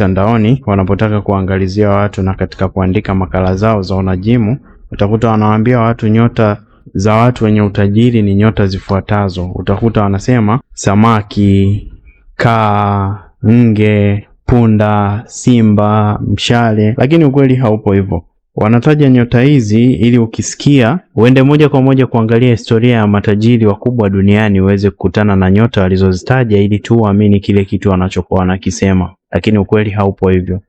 mtandaoni wanapotaka kuangalizia watu na katika kuandika makala zao za unajimu, utakuta wanawaambia watu nyota za watu wenye utajiri ni nyota zifuatazo. Utakuta wanasema samaki, kaa, nge, punda, simba, mshale, lakini ukweli haupo hivyo. Wanataja nyota hizi ili ukisikia uende moja kwa moja kuangalia historia ya matajiri wakubwa duniani uweze kukutana na nyota walizozitaja ili tu uamini kile kitu wanachokuwa wanakisema lakini ukweli haupo hivyo.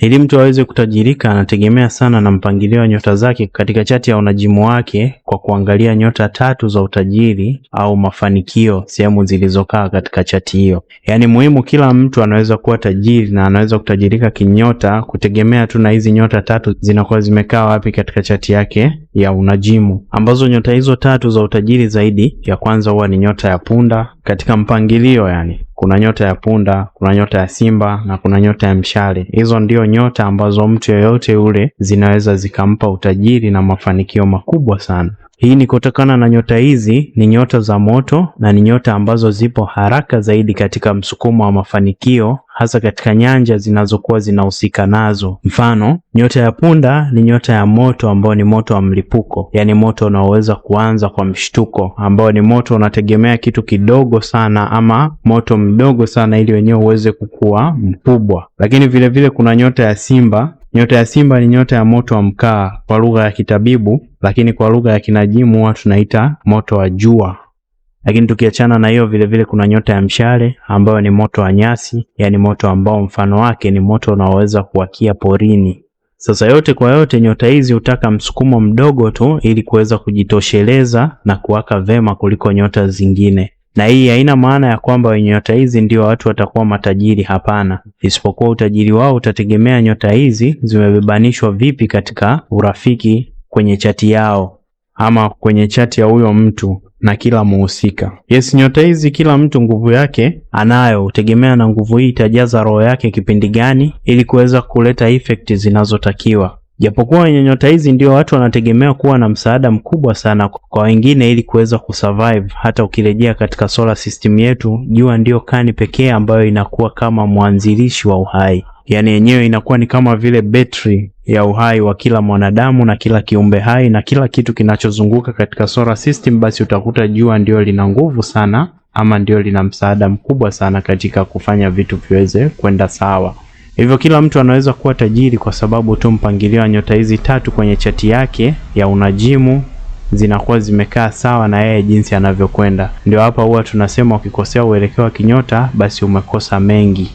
Ili mtu aweze kutajirika, anategemea sana na mpangilio wa nyota zake katika chati ya unajimu wake kwa kuangalia nyota tatu za utajiri au mafanikio, sehemu zilizokaa katika chati hiyo. Yaani muhimu, kila mtu anaweza kuwa tajiri na anaweza kutajirika kinyota, kutegemea tu na hizi nyota tatu zinakuwa zimekaa wapi katika chati yake ya unajimu, ambazo nyota hizo tatu za utajiri zaidi, ya kwanza huwa ni nyota ya punda katika mpangilio yani kuna nyota ya punda, kuna nyota ya simba na kuna nyota ya mshale. Hizo ndio nyota ambazo mtu yeyote ule zinaweza zikampa utajiri na mafanikio makubwa sana. Hii ni kutokana na nyota hizi ni nyota za moto na ni nyota ambazo zipo haraka zaidi katika msukumo wa mafanikio hasa katika nyanja zinazokuwa zinahusika nazo. Mfano, nyota ya punda ni nyota ya moto ambao ni moto wa mlipuko, yaani moto unaoweza kuanza kwa mshtuko, ambao ni moto unategemea kitu kidogo sana ama moto mdogo sana ili wenyewe uweze kukua mkubwa. Lakini vilevile vile kuna nyota ya simba Nyota ya simba ni nyota ya moto wa mkaa kwa lugha ya kitabibu, lakini kwa lugha ya kinajimu watu tunaita moto wa jua. Lakini tukiachana na hiyo, vilevile kuna nyota ya mshale ambayo ni moto wa nyasi, yani moto ambao mfano wake ni moto unaoweza kuwakia porini. Sasa yote kwa yote, nyota hizi hutaka msukumo mdogo tu ili kuweza kujitosheleza na kuwaka vema kuliko nyota zingine na hii haina maana ya kwamba wenye nyota hizi ndio watu watakuwa matajiri. Hapana, isipokuwa utajiri wao utategemea nyota hizi zimebebanishwa vipi katika urafiki kwenye chati yao ama kwenye chati ya huyo mtu na kila muhusika. Yes, nyota hizi kila mtu nguvu yake anayo, hutegemea na nguvu hii itajaza roho yake kipindi gani, ili kuweza kuleta effect zinazotakiwa. Japokuwa nyanyota hizi ndio watu wanategemea kuwa na msaada mkubwa sana kwa wengine ili kuweza kusurvive. Hata ukirejea katika solar system yetu, jua ndiyo kani pekee ambayo inakuwa kama mwanzilishi wa uhai, yaani yenyewe inakuwa ni kama vile betri ya uhai wa kila mwanadamu na kila kiumbe hai na kila kitu kinachozunguka katika solar system. Basi utakuta jua ndio lina nguvu sana ama ndio lina msaada mkubwa sana katika kufanya vitu viweze kwenda sawa. Hivyo kila mtu anaweza kuwa tajiri kwa sababu tu mpangilio wa nyota hizi tatu kwenye chati yake ya unajimu zinakuwa zimekaa sawa na yeye jinsi anavyokwenda. Ndio hapa huwa tunasema ukikosea uelekeo wa kinyota, basi umekosa mengi.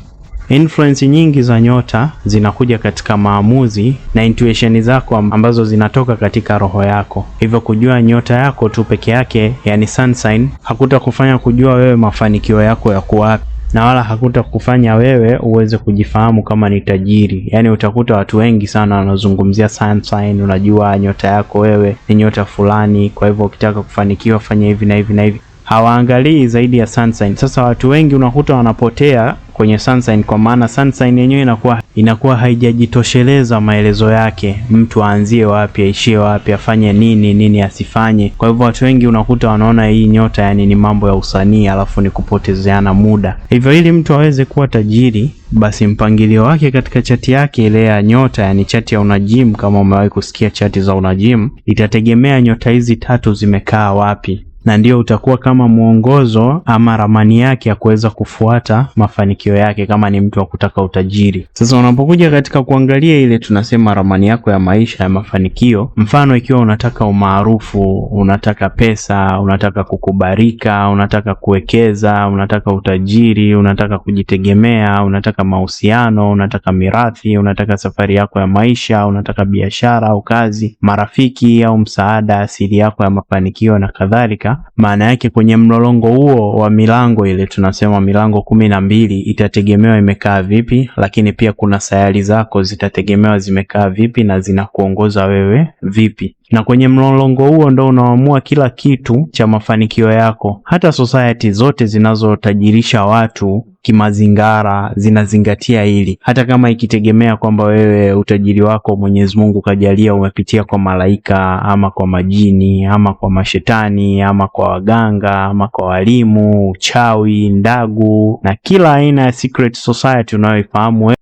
Influence nyingi za nyota zinakuja katika maamuzi na intuition zako ambazo zinatoka katika roho yako. Hivyo kujua nyota yako tu peke yake, yani sun sign, hakutakufanya kujua wewe mafanikio yako yako wapi na wala hakuta kufanya wewe uweze kujifahamu kama ni tajiri. Yaani utakuta watu wengi sana wanazungumzia sun sign, unajua nyota yako wewe ni nyota fulani, kwa hivyo ukitaka kufanikiwa fanya hivi na hivi na hivi, hawaangalii zaidi ya sun sign. Sasa watu wengi unakuta wanapotea kwenye sunshine, kwa maana sunshine yenyewe inakuwa inakuwa haijajitosheleza maelezo yake, mtu aanzie wapi aishie wapi afanye nini nini asifanye. Kwa hivyo watu wengi unakuta wanaona hii nyota yani ni mambo ya usanii, alafu ni kupotezeana muda. Hivyo ili mtu aweze kuwa tajiri basi mpangilio wake katika chati yake ile ya nyota, yani chati ya unajimu, kama umewahi kusikia chati za unajimu, itategemea nyota hizi tatu zimekaa wapi na ndio utakuwa kama mwongozo ama ramani yake ya kuweza kufuata mafanikio yake, kama ni mtu wa kutaka utajiri. Sasa unapokuja katika kuangalia ile tunasema ramani yako ya maisha ya mafanikio, mfano ikiwa unataka umaarufu, unataka pesa, unataka kukubarika, unataka kuwekeza, unataka utajiri, unataka kujitegemea, unataka mahusiano, unataka mirathi, unataka safari yako ya maisha, unataka biashara au kazi, marafiki au msaada, asili yako ya mafanikio na kadhalika maana yake kwenye mlolongo huo wa milango ile tunasema milango kumi na mbili itategemewa imekaa vipi, lakini pia kuna sayari zako zitategemewa zimekaa vipi na zinakuongoza wewe vipi na kwenye mlolongo huo ndo unaamua kila kitu cha mafanikio yako. Hata society zote zinazotajirisha watu kimazingara zinazingatia hili, hata kama ikitegemea kwamba wewe utajiri wako Mwenyezi Mungu kajalia umepitia kwa malaika ama kwa majini ama kwa mashetani ama kwa waganga ama kwa walimu, uchawi, ndagu na kila aina ya secret society unayoifahamu.